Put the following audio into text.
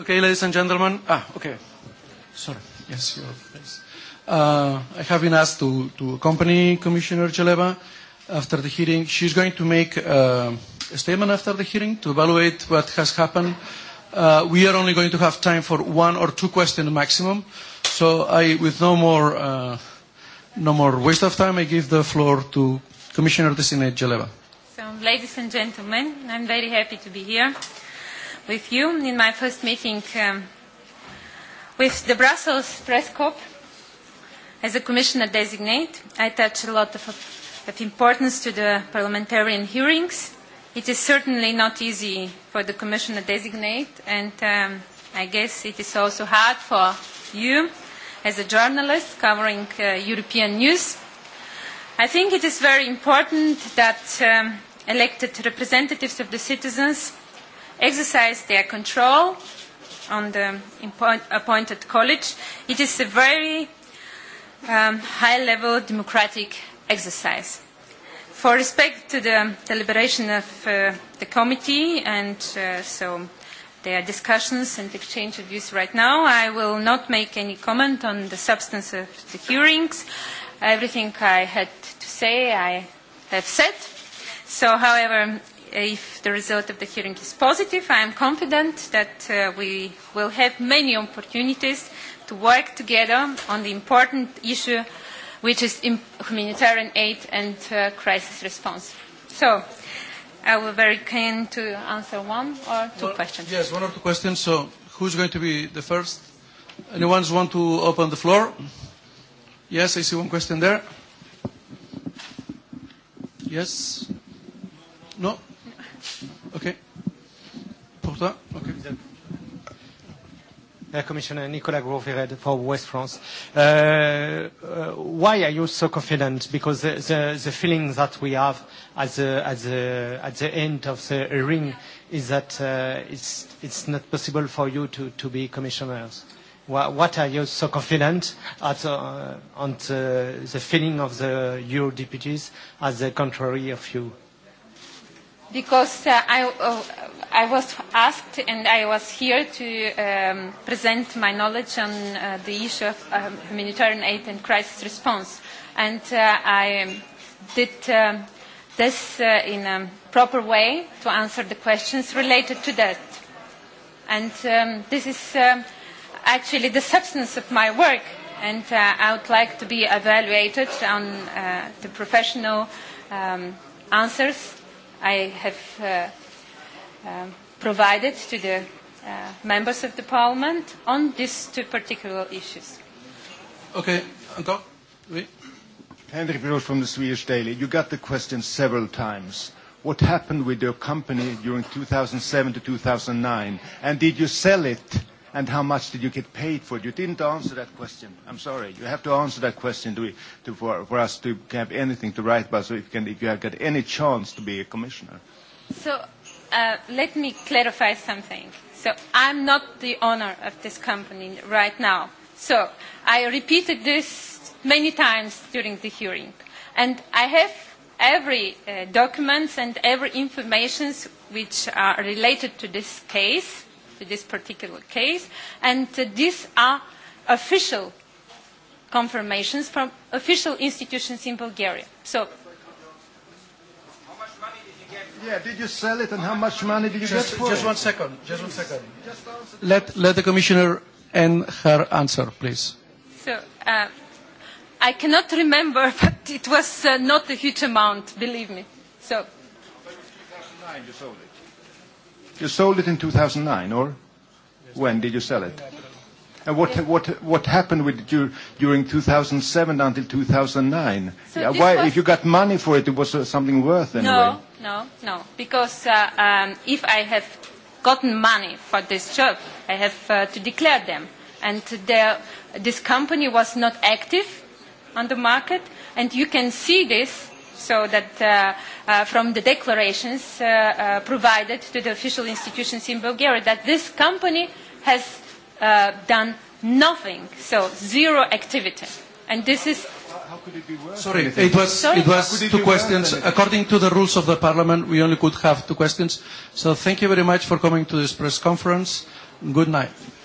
Okay, ladies and gentlemen. Ah, okay. Sorry. Yes, your face. Uh, I have been asked to, to accompany Commissioner Jaleva after the hearing. She's going to make a statement after the hearing to evaluate what has happened. we are only going to have time for one or two questions maximum. So I, with no more, uh, no more waste of time, I give the floor to Commissioner Designate Jaleva. So, ladies and gentlemen, I'm very happy to be here with you in my first meeting with the Brussels Press Corps. As a Commissioner designate, I attach a lot of importance to the parliamentarian hearings. It is certainly not easy for the Commissioner designate, and I guess it is also hard for you as a journalist covering European news. I think it is very important that elected representatives of the citizens exercise their control on the appointed college. It is a very high-level democratic exercise. For respect to the deliberation of the committee and so their discussions and exchange of views right now, I will not make any comment on the substance of the hearings. Everything I had to say I have said. So, however, if the result of the hearing is positive, I am confident that we will have many opportunities to work together on the important issue which is humanitarian aid and crisis response. So, I will be very keen to answer one or two questions. Yes, one or two questions. So, who's going to be the first? Anyone want to open the floor? Yes, I see one question there. Yes? No? Okay. Porta. Okay. Commissioner Nicolas Gros for West France. Why are you so confident? Because the the feeling that we have at the end of the ring is that it's not possible for you to be commissioners. What are you so confident on the feeling of the Euro deputies as the contrary of you? because I, I was asked and I was here to present my knowledge on the issue of humanitarian aid and crisis response. And I did this in a proper way to answer the questions related to that. And this is actually the substance of my work. And I would like to be evaluated on the professional answers I have provided to the members of the Parliament on these two particular issues. Okay, Anto, Oui? Henrik Roos from the Swedish Daily. You got the question several times. What happened with your company during 2007 to 2009? And did you sell it And how much did you get paid for it? You didn't answer that question. I'm sorry. You have to answer that question to for for us to have anything to write about. So if can if you have got any chance to be a commissioner. So let me clarify something. So I'm not the owner of this company right now. So I repeated this many times during the hearing, and I have every documents and every information which are related to this case to this particular case. And these are official confirmations from official institutions in Bulgaria. So. Yeah, did you sell it and how much money did you get for it? Just one second, just one second. Let, let the Commissioner and her answer, please. So, I cannot remember, but it was not a huge amount, believe me. So. 2009 you sold it. You sold it in 2009, or when did you sell it? And what happened with you during 2007 until 2009? Why, if you got money for it, it was something worth anyway. No, no, no. Because if I have gotten money for this job, I have to declare them. And this company was not active on the market, and you can see this so that from the declarations provided to the official institutions in Bulgaria that this company has done nothing, so zero activity. And this is. How could it be Sorry, it was it was two questions. According to the rules of the Parliament, we only could have two questions. So thank you very much for coming to this press conference. Good night.